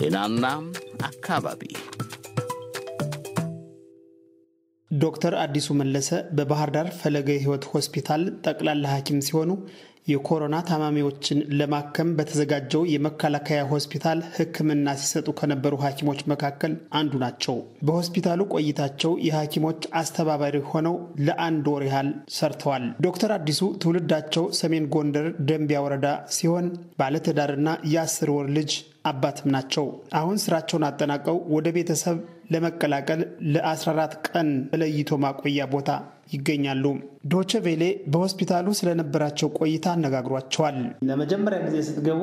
ጤናና አካባቢ ዶክተር አዲሱ መለሰ በባህር ዳር ፈለገ ህይወት ሆስፒታል ጠቅላላ ሐኪም ሲሆኑ የኮሮና ታማሚዎችን ለማከም በተዘጋጀው የመከላከያ ሆስፒታል ሕክምና ሲሰጡ ከነበሩ ሐኪሞች መካከል አንዱ ናቸው። በሆስፒታሉ ቆይታቸው የሐኪሞች አስተባባሪ ሆነው ለአንድ ወር ያህል ሰርተዋል። ዶክተር አዲሱ ትውልዳቸው ሰሜን ጎንደር ደንቢያ ወረዳ ሲሆን ባለትዳርና የአስር ወር ልጅ አባትም ናቸው። አሁን ስራቸውን አጠናቀው ወደ ቤተሰብ ለመቀላቀል ለ14 ቀን በለይቶ ማቆያ ቦታ ይገኛሉ። ዶቼ ቬሌ በሆስፒታሉ ስለነበራቸው ቆይታ አነጋግሯቸዋል። ለመጀመሪያ ጊዜ ስትገቡ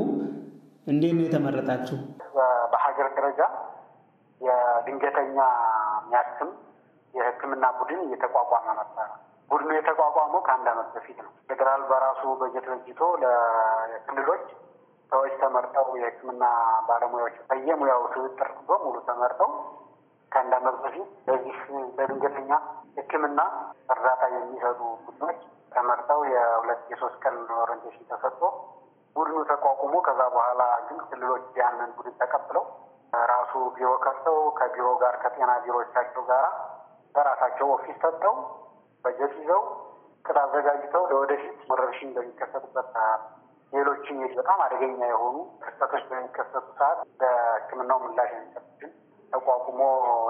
እንዴት ነው የተመረጣችሁ? በሀገር ደረጃ የድንገተኛ ሚያክም የሕክምና ቡድን እየተቋቋመ ነበረ። ቡድኑ የተቋቋመው ከአንድ ዓመት በፊት ነው። ፌዴራል በራሱ በጀት በጅቶ ለክልሎች ሰዎች ተመርጠው የሕክምና ባለሙያዎች በየሙያው ስብጥር በሙሉ ተመርጠው ከአንድ አመት በፊት በዚህ በድንገተኛ ሕክምና እርዳታ የሚሰጡ ቡድኖች ተመርተው የሁለት የሶስት ቀን ኦሪንቴሽን ተሰጥቶ ቡድኑ ተቋቁሞ ከዛ በኋላ ግን ክልሎች ያንን ቡድን ተቀብለው ራሱ ቢሮ ከፍተው ከቢሮ ጋር ከጤና ቢሮዎቻቸው ጋር በራሳቸው ኦፊስ ሰጥተው በጀት ይዘው ቅድ አዘጋጅተው ለወደፊት ወረርሽኝ በሚከሰቱበት ሰዓት ሌሎችን በጣም አደገኛ የሆኑ ክስተቶች በሚከሰቱ ሰዓት በሕክምናው ምላሽ የሚሰጡትን ተቋቁሞ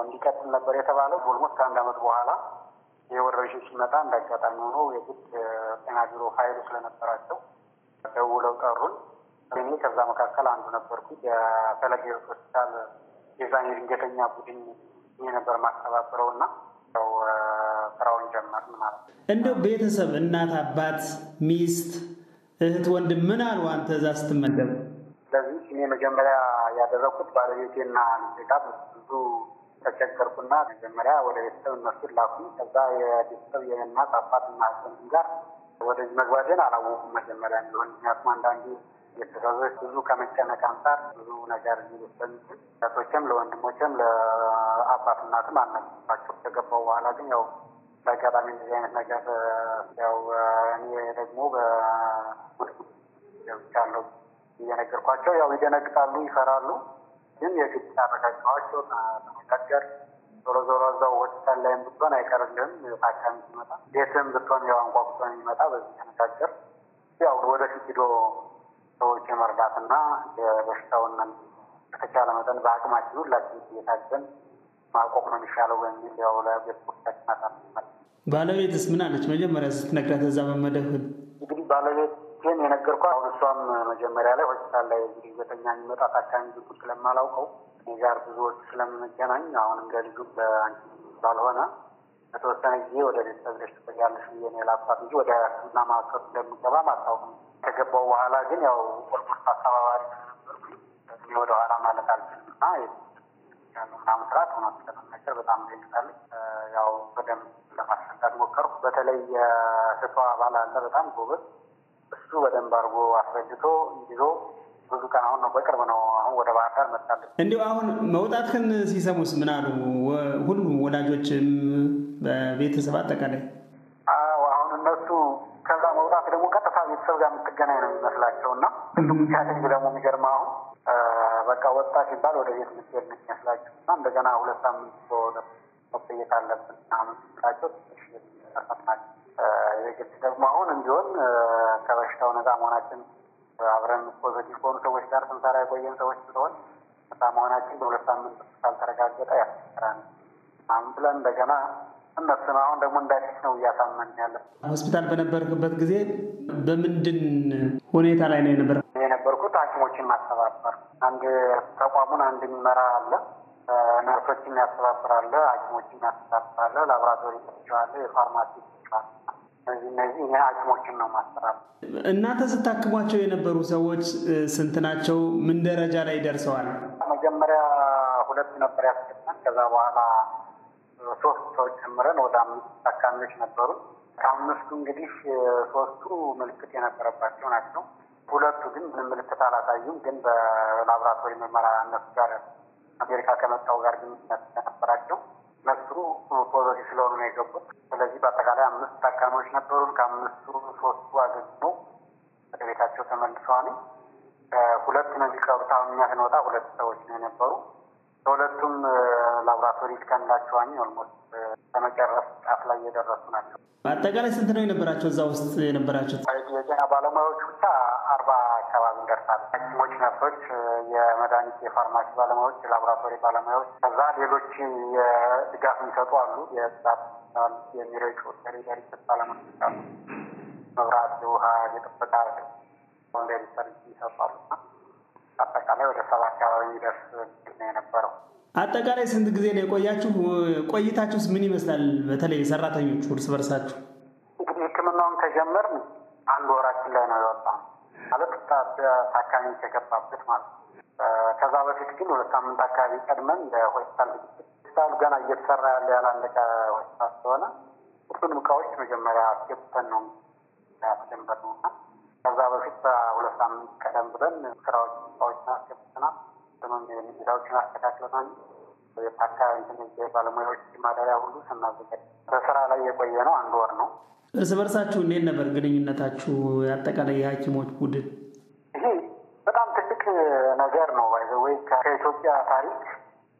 እንዲቀጥል ነበር የተባለው። ኦልሞስት ከአንድ አመት በኋላ የወረርሽኝ ሲመጣ እንዳጋጣሚ ሆኖ የግድ ጤና ቢሮ ፋይሉ ስለነበራቸው ደውለው ጠሩን። እኔ ከዛ መካከል አንዱ ነበርኩ። የፈለገ ሕይወት ሆስፒታል የዛን የድንገተኛ ቡድን ነበር ማስተባበረው እና ስራውን ጀመርን ማለት ነው። እንደው ቤተሰብ እናት፣ አባት፣ ሚስት፣ እህት፣ ወንድም ምን አሉ አንተ እዛ ስትመደብ? ስለዚህ እኔ መጀመሪያ ያደረኩት ባለቤቴና ልጅ ጋር ብዙ ተቸገርኩና መጀመሪያ ወደ ቤተሰብ እነሱን ላኩ። ከዛ የቤተሰብ የእናት አባትና ህዝብም ጋር ወደዚህ መግባቴን አላወቁም መጀመሪያ ቢሆን ምክንያቱም አንዳንዱ ቤተሰቦች ብዙ ከመጨነቅ አንጻር ብዙ ነገር ሊሉ ስለሚችል ለወንድሞችም ለአባት እናትም አልነገርኳቸውም። ከገባሁ በኋላ ግን ያው በአጋጣሚ እንደዚህ አይነት ነገር ያው እኔ ደግሞ በ ገብቻለሁ እየነገርኳቸው ያው ይደነግጣሉ፣ ይፈራሉ። ግን የግድ አረጋቸዋቸው ተመካከር ዞሮ ዞሮ እዛው ሆስፒታል ላይም ብትሆን አይቀርልህም። ታካሚ ሲመጣ ቤትም ብትሆን የዋንቋ ብትሆን የሚመጣ በዚህ ተነጋገር ያው ወደፊት ሂዶ ሰዎች የመርዳት የመርዳትና የበሽታውን በተቻለ መጠን በአቅማችን ሁላችን እየታገን ማቆም ነው የሚሻለው በሚል ያው ለቤተሰቦቻችን አሳልፈናል። ባለቤትስ ምን አለች? መጀመሪያ ስትነግራት እዛ መመደብህን እንግዲህ ባለቤት ግን የነገርኩህ አሁን እሷም መጀመሪያ ላይ ሆስፒታል ላይ እንግዲህ በተኛ የሚመጣ ታካሚ ግቡ ስለማላውቀው እኔ ጋር ብዙዎች ስለምንገናኝ አሁን እንደ ግብ በአንቺ ባልሆነ በተወሰነ ጊዜ ወደ ቤተሰብ ደሽ ትፈያለሽ ብዬ ነው የላኳት እንጂ ወደ ሕክምና ማዕከሉ እንደሚገባ አታውቅም። ከገባው በኋላ ግን ያው ኦልሞስት አስተባባሪ ስለነበርኩኝ ወደኋላ ማለት አልችልም እና ያለና መስራት ሆኖ ስለመመቸር በጣም ደንግታለች። ያው በደንብ ለማስረዳት ሞከርኩ። በተለይ የህቷ አባል አለ በጣም ጎበዝ አስረጅቶ ይዞ ብዙ ቀን አሁን ነው በቅርብ ነው አሁን ወደ ባህር ዳር መጣለች። እንዲሁ አሁን መውጣትህን ሲሰሙስ ምን አሉ? ሁሉም ወላጆችም በቤተሰብ አጠቃላይ አሁን እነሱ ከዛ መውጣት ደግሞ ቀጥታ ቤተሰብ ጋር የምትገናኝ ነው የሚመስላቸው እና ሁሉም ሲያገኝ ደግሞ የሚገርምህ አሁን በቃ ወጣ ሲባል ወደ ቤት ምትሄድ ነው የሚመስላቸው እና እንደገና ሁለት ሳምንት መቆየት አለብን ምናምን ናቸው። የግድ ደግሞ አሁን እንዲሆን ከበሽታው ነፃ መሆናችን አብረን ፖዘቲቭ ከሆኑ ሰዎች ጋር ስንሰራ የቆየን ሰዎች ስለሆን ነጻ መሆናችን በሁለት ሳምንት ካልተረጋገጠ አሁን ብለን እንደገና እነሱን አሁን ደግሞ እንዳዲስ ነው እያሳመን ያለ። ሆስፒታል በነበርክበት ጊዜ በምንድን ሁኔታ ላይ ነው የነበር? የነበርኩት ሐኪሞችን ማስተባበር አንድ ተቋሙን አንድ የሚመራ አለ፣ ነርሶችን ያስተባብራለ፣ ሐኪሞችን ያስተባብራለ፣ ላቦራቶሪ አለ፣ የፋርማሲ እነዚህ ሐኪሞችን ነው ማሰራት። እናንተ ስታክሟቸው የነበሩ ሰዎች ስንት ናቸው? ምን ደረጃ ላይ ደርሰዋል? መጀመሪያ ሁለት ነበር ያስገባን። ከዛ በኋላ ሶስት ሰዎች ጀምረን ወደ አምስት ታካሚዎች ነበሩ። ከአምስቱ እንግዲህ ሶስቱ ምልክት የነበረባቸው ናቸው። ሁለቱ ግን ምንም ምልክት አላሳዩም። ግን በላብራቶሪ ምርመራ እነሱ ጋር አሜሪካ ከመጣው ጋር ግንኙነት ነበራቸው። መስሩ ፖዘቲቭ ስለሆኑ ነው የገቡት። ስለዚህ በአጠቃላይ አምስት ታካሚዎች ነበሩን። ከአምስቱ ሶስቱ አገግሞ ወደ ቤታቸው ተመልሰዋል። ሁለት ነው ቢቀሩት አሁን እኛ ስንወጣ ሁለት ሰዎች ነው የነበሩ። ከሁለቱም ላቦራቶሪ እስከንላቸዋኝ ኦልሞስት ለመጨረስ ጫፍ ላይ እየደረሱ ናቸው። በአጠቃላይ ስንት ነው የነበራቸው እዛ ውስጥ የነበራቸው የጤና ባለሙያዎቹ አካባቢ ይደርሳል። ሐኪሞች፣ ነርሶች፣ የመድኃኒት የፋርማሲ ባለሙያዎች፣ የላቦራቶሪ ባለሙያዎች ከዛ ሌሎች የድጋፍ የሚሰጡ አሉ። የጽዳት ሆስፒታል፣ የሚረጩ ሪደሪ ባለሙያዎች አሉ። መብራት፣ የውሃ፣ የጥበቃ ንደሪ ይሰጣሉ። አጠቃላይ ወደ ሰባ አካባቢ ይደርስ ነው የነበረው። አጠቃላይ ስንት ጊዜ ነው የቆያችሁ? ቆይታችሁስ ምን ይመስላል? በተለይ ሰራተኞቹ እርስ በርሳችሁ እንግዲህ ህክምናውን ከጀመር ታካሚዎች የገባበት ማለት ነው። ከዛ በፊት ግን ሁለት ሳምንት አካባቢ ቀድመን ለሆስፒታል ዝግጅት ሆስፒታሉ ገና እየተሰራ ያለ ያላለቀ ሆስፒታል ስለሆነ ሁሉንም እቃዎች መጀመሪያ አስገብተን ነው ተጀምበር ነው እና ከዛ በፊት በሁለት ሳምንት ቀደም ብለን ስራዎች እቃዎችን አስገብተናል። ሚዳዎችን አስተካክለናል። ባለሙያዎች ማደሪያ ሁሉ ስናዘጋጅ በስራ ላይ የቆየ ነው አንድ ወር ነው። እርስ በርሳችሁ እንዴት ነበር ግንኙነታችሁ? አጠቃላይ የሐኪሞች ቡድን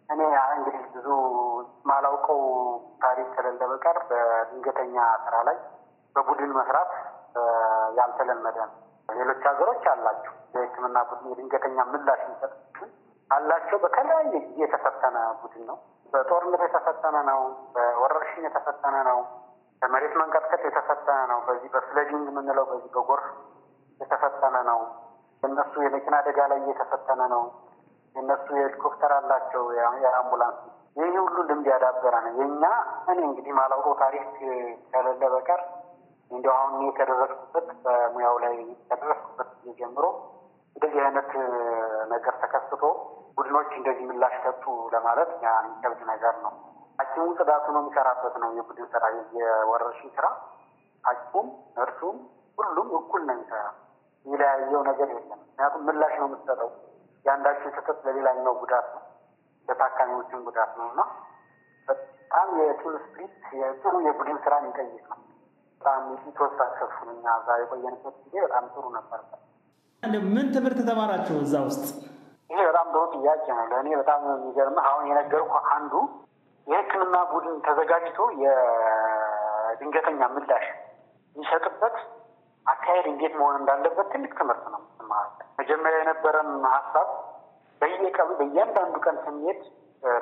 ታሪክ እኔ እንግዲህ ብዙ ማላውቀው ታሪክ ከሌለ በቀር በድንገተኛ ስራ ላይ በቡድን መስራት ያልተለመደ ነው። ሌሎች ሀገሮች አላቸው የሕክምና ቡድን የድንገተኛ ምላሽ ሚሰጥ አላቸው። በተለያየ ጊዜ የተፈተነ ቡድን ነው። በጦርነት የተፈተነ ነው። በወረርሽኝ የተፈተነ ነው። በመሬት መንቀጥቀጥ የተፈተነ ነው። በዚህ በፍለዲንግ የምንለው በዚህ በጎርፍ የተፈተነ ነው። የእነሱ የመኪና አደጋ ላይ የተፈተነ ነው። የእነሱ የልኮ የሚሰራላቸው የአምቡላንስ ይህ ሁሉ ልምድ ያዳበረ ነው። የእኛ እኔ እንግዲህ ማላውቀው ታሪክ ከሌለ በቀር እንዲ አሁን የተደረስኩበት በሙያው ላይ ከደረስኩበት ጊዜ ጀምሮ እንደዚህ አይነት ነገር ተከስቶ ቡድኖች እንደዚህ ምላሽ ሰጡ ለማለት የሚከብድ ነገር ነው። ሐኪሙ ጽዳቱ ነው የሚሰራበት ነው የቡድን ስራ የወረርሽኝ ስራ ሐኪሙም እርሱም ሁሉም እኩል ነው የሚሰራ። የሚለያየው ነገር የለም። ምክንያቱም ምላሽ ነው የምትሰጠው እያንዳንዱ ስህተት ለሌላኛው ጉዳት ነው፣ ለታካሚዎችን ጉዳት ነው እና በጣም የቱል ስፕሪት የጥሩ የቡድን ስራ የሚጠይቅ ነው። በጣም ኢቶስ አሰፉንኛ እዛ የቆየንበት ጊዜ በጣም ጥሩ ነበር። ምን ትምህርት ተማራችሁ እዛ ውስጥ? ይሄ በጣም ጥሩ ጥያቄ ነው። ለእኔ በጣም የሚገርም አሁን የነገርኩ አንዱ የሕክምና ቡድን ተዘጋጅቶ የድንገተኛ ምላሽ የሚሰጥበት አካሄድ እንዴት መሆን እንዳለበት ትልቅ ትምህርት ነው። መጀመሪያ የነበረን ሀሳብ በየቀኑ በእያንዳንዱ ቀን ስንሄድ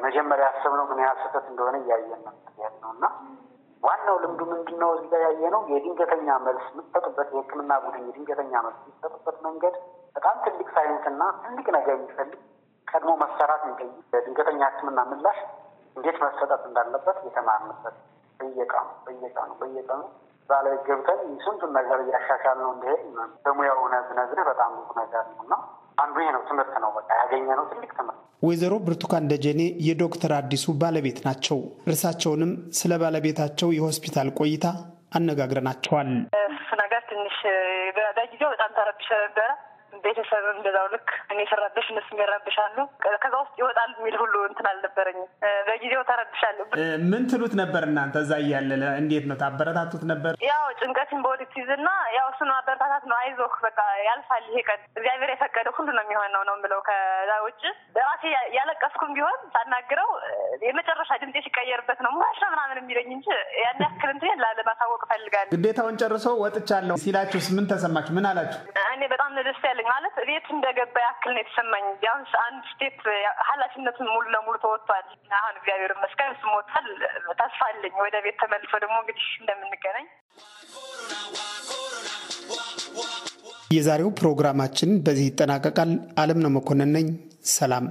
መጀመሪያ ያሰብነው ምን ያህል ስህተት እንደሆነ እያየን ነው ያለው እና ዋናው ልምዱ ምንድን ነው? እዚህ ጋር ያየ ነው የድንገተኛ መልስ የምትሰጡበት የሕክምና ቡድን የድንገተኛ መልስ የምትሰጡበት መንገድ በጣም ትልቅ ሳይንስና ትልቅ ነገር የሚፈልግ ቀድሞ መሰራት የሚጠይቅ ድንገተኛ ሕክምና ምላሽ እንዴት መሰጠት እንዳለበት የተማርንበት በየቀኑ በየቀኑ በየቀኑ እዛ ላይ ገብተን ስንቱን ነገር እያሻሻል ነው እንደሄድ በሙያው ነግነግርህ በጣም ብዙ ነገር ነው እና አንዱ ይሄ ነው ትምህርት ነው በቃ ያገኘ ነው ትልቅ ትምህርት። ወይዘሮ ብርቱካን ደጀኔ የዶክተር አዲሱ ባለቤት ናቸው። እርሳቸውንም ስለ ባለቤታቸው የሆስፒታል ቆይታ አነጋግረናቸዋል። እሱ ነገር ትንሽ በጊዜው በጣም ተረብሸ ነበረ ቤተሰብ እንደዛው ልክ እኔ ስረብሽ እነሱ ይረብሻሉ። ከዛ ውስጥ ይወጣል የሚል ሁሉ እንትን አልነበረኝም። በጊዜው ተረብሻለሁ። ምን ትሉት ነበር እናንተ እዛ እያለ? እንዴት ነው ታበረታቱት ነበር? ያው ጭንቀትን በወዲት ሲይዝ እና ያው እሱን አበረታታት ነው። አይዞህ በቃ ያልፋል፣ ይሄ ቀን እግዚአብሔር የፈቀደ ሁሉ ነው የሚሆነው ነው የምለው። ከዛ ውጭ በራሴ ያለቀስኩም ቢሆን ሳናግረው የመጨረሻ ድምጤ ሲቀየርበት ነው ሙሽ ምናምን የሚለኝ እንጂ ያን ያክል እንትን ለማሳወቅ እፈልጋለሁ። ግዴታውን ጨርሶ ወጥቻለሁ ሲላችሁስ ምን ተሰማችሁ? ምን አላችሁ? እኔ በጣም ደስ ያለኝ። ማለት ቤት እንደገባ ያክል ነው የተሰማኝ። ቢያንስ አንድ ስቴፕ ኃላፊነቱን ሙሉ ለሙሉ ተወጥቷል። አሁን እግዚአብሔር ይመስገን ስሞታል። ተስፋ አለኝ ወደ ቤት ተመልሶ ደግሞ እንግዲህ እንደምንገናኝ የዛሬው ፕሮግራማችን በዚህ ይጠናቀቃል። አለም ነው መኮንን ነኝ። ሰላም